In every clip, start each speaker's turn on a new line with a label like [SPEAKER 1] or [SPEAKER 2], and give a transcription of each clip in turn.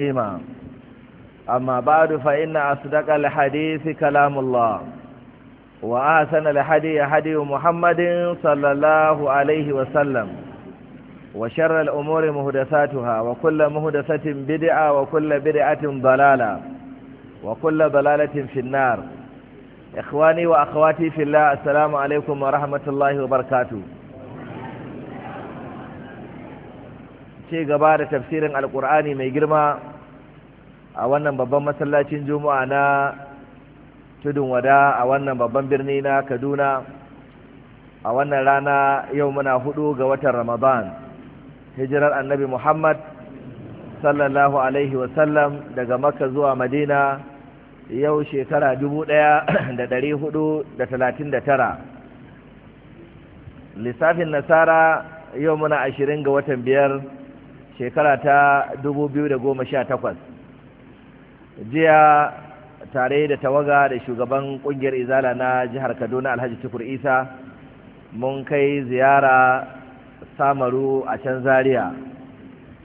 [SPEAKER 1] الرحيم أما بعد فإن أصدق الحديث كلام الله وآثن الحدي حدي محمد صلى الله عليه وسلم وشر الأمور مهدساتها وكل مهدسة بدعة وكل بدعة ضلالة وكل ضلالة في النار إخواني وأخواتي في الله السلام عليكم ورحمة الله وبركاته ce gaba da tafsirin alkur'ani mai girma a wannan babban masallacin juma'a na tudun wada a wannan babban birni na kaduna a wannan rana yau muna hudu ga watan ramadan hijirar annabi muhammad sallallahu alaihi wasallam daga makka zuwa madina yau shekara dubu daya da dari hudu da talatin da tara lissafin nasara yau muna ashirin ga watan biyar shekara ta dubu biyu da goma sha takwas jiya tare da tawaga da shugaban kungiyar izala na jihar kaduna alhaji tukur isa mun kai ziyara samaru a can zaria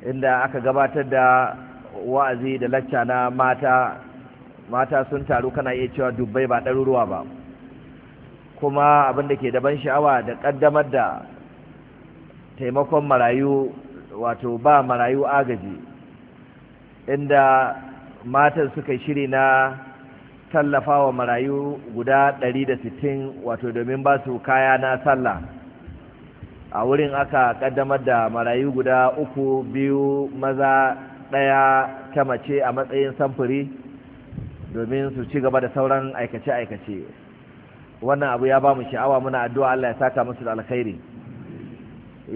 [SPEAKER 1] inda aka gabatar da wa'azi da lacca na mata mata sun taru kana iya cewa dubbai ba ɗaruruwa ba kuma abin da ke da ban sha'awa da ƙaddamar da taimakon marayu wato ba marayu agaji inda matan suka shiri na tallafa wa marayu guda ɗari da sittin wato domin ba su kaya na sallah a wurin aka kaddamar da marayu guda uku biyu maza ɗaya ta mace a matsayin samfuri domin su ci gaba da sauran aikace-aikace wannan abu ya ba mu sha'awa muna addu'a Allah ya saka musu da alkhairi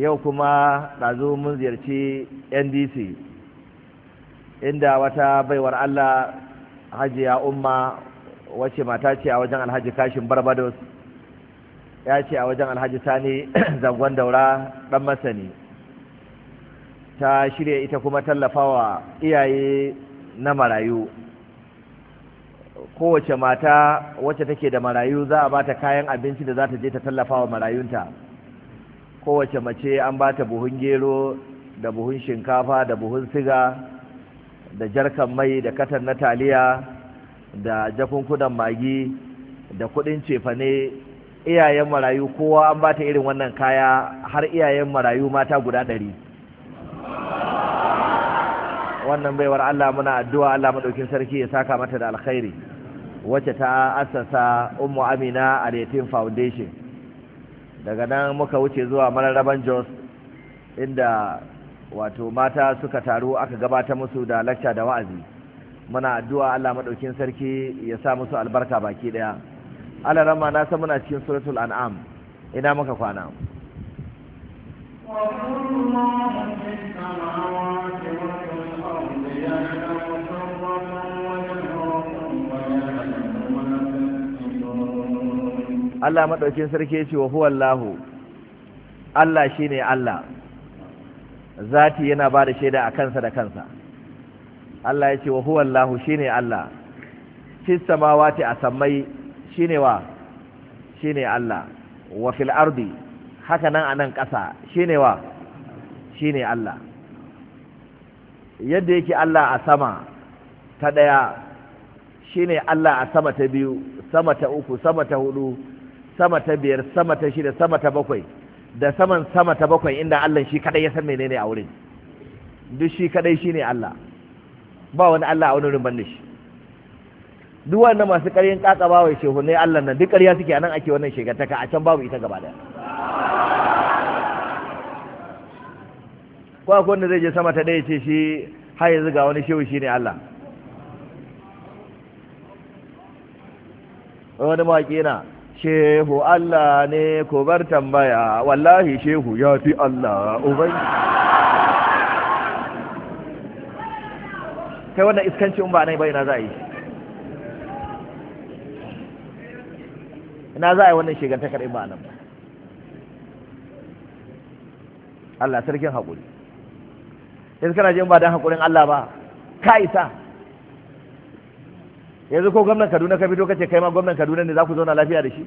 [SPEAKER 1] yau kuma ɗazu mun ziyarci ndc inda wata baiwar Allah hajiya umma wace mata ce a wajen alhaji kashin barbados ya ce a wajen alhaji sani zangon daura dan masani ta shirya ita kuma tallafawa iyaye na marayu kowace mata wacce take da marayu za a bata kayan abinci da za ta je ta tallafawa marayunta kowace mace an bata buhun gero da buhun shinkafa da buhun siga da jarkan mai da katar na taliya da jakunkunan magi da kudin cefane iyayen marayu kowa an ba ta irin wannan kaya har iyayen marayu mata guda ɗari wannan baiwar Allah muna addu'a Allah maɗaukin sarki ya saka mata da alkhairi wacce ta assasa Ummu Amina a retin Foundation daga nan muka wuce zuwa mararraban Jos inda wato mata suka taru aka gabata musu da lacca da wa'azi muna addu'a Allah madaukin sarki ya sa musu albarka baki daya Allah rama na san muna cikin suratul an'am ina muka kwana Allah madaukin sarki ya ce wa huwallahu Allah shine Allah zati yana ba da shaida a kansa da kansa Allah ya ce wa huwa Allahu shine Allah fis samawati a sammai shine wa shine Allah wa fil ardi haka nan anan ƙasa shine wa shine Allah yadda yake Allah a sama ta ɗaya shine Allah a sama ta biyu sama ta uku sama ta hudu sama ta biyar sama ta shida sama ta bakwai da saman sama ta bakwai inda Allah shi kadai ya san menene a wurin duk shi kadai shine Allah ba wani Allah a wani wurin banda shi duk wanda masu ƙaryin ƙaƙaba bawa shehu ne Allah nan duk ƙarya suke anan ake wannan shegataka a can babu ita gaba daya ko akwai wanda zai je sama ta ɗaya ce shi har yanzu ga wani shehu shine Allah wani mawaƙi na shehu Allah ne ku bar tambaya wallahi shehu ya fi Allah ubai kai wannan iskanci ba nai bai na za a yi ina za a yi wannan shigantakar in ba nan ba Allah sarkin haƙuri in kana jin ba don haƙurin Allah ba ka isa yanzu ko gwamnan Kaduna ka fito ce kai ma gwamnan Kaduna ne za ku zauna lafiya da shi